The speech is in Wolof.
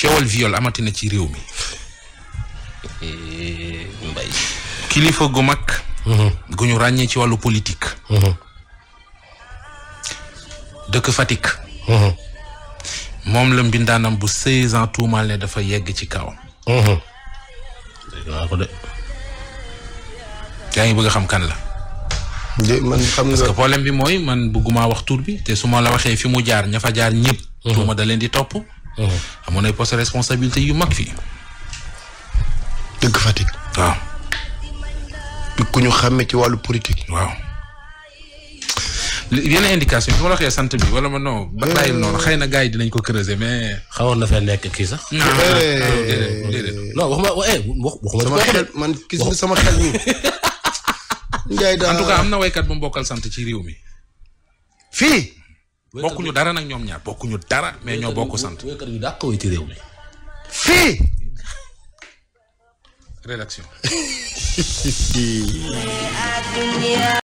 coowal viol amati ci réew mi. Eh, kilifa gu mag. Mhm. gu ñu ràññee ci wàllu politique. Mhm. dëkk Fatick. Mhm. moom la mbindaanam bu 16 ans tuumaal ne dafa yegg ci kawam. dégg naa ko de. yaa ngi bëgg xam kan la. man xam bi mooy man bëgguma wax tur bi te su ma la waxee fi mu jaar ña fa jaar ñëpp. tuuma da di topp. xamoon ay poste responsabilité yu mag fii. dëkk Fatick. waaw. bi ku ñu xàmmee ci wàllu politique. waaw. yenn indication bi ma la waxee sant bi wala ma non. ba bàyyil euh. noonu xëy na gars yi dinañ ko creuser mais. xawoon na fee nekk kii sax. non non eh. waxuma eh, waxuma. sama xel man gis am na waykat mu mbokkal sant ci réew mi. fii. bokkuñu dara nag ñoom ñaar bokkuñu dara mais ñoo bokk sant. wéykat yu dàq ci réew mi. fii. rédaction.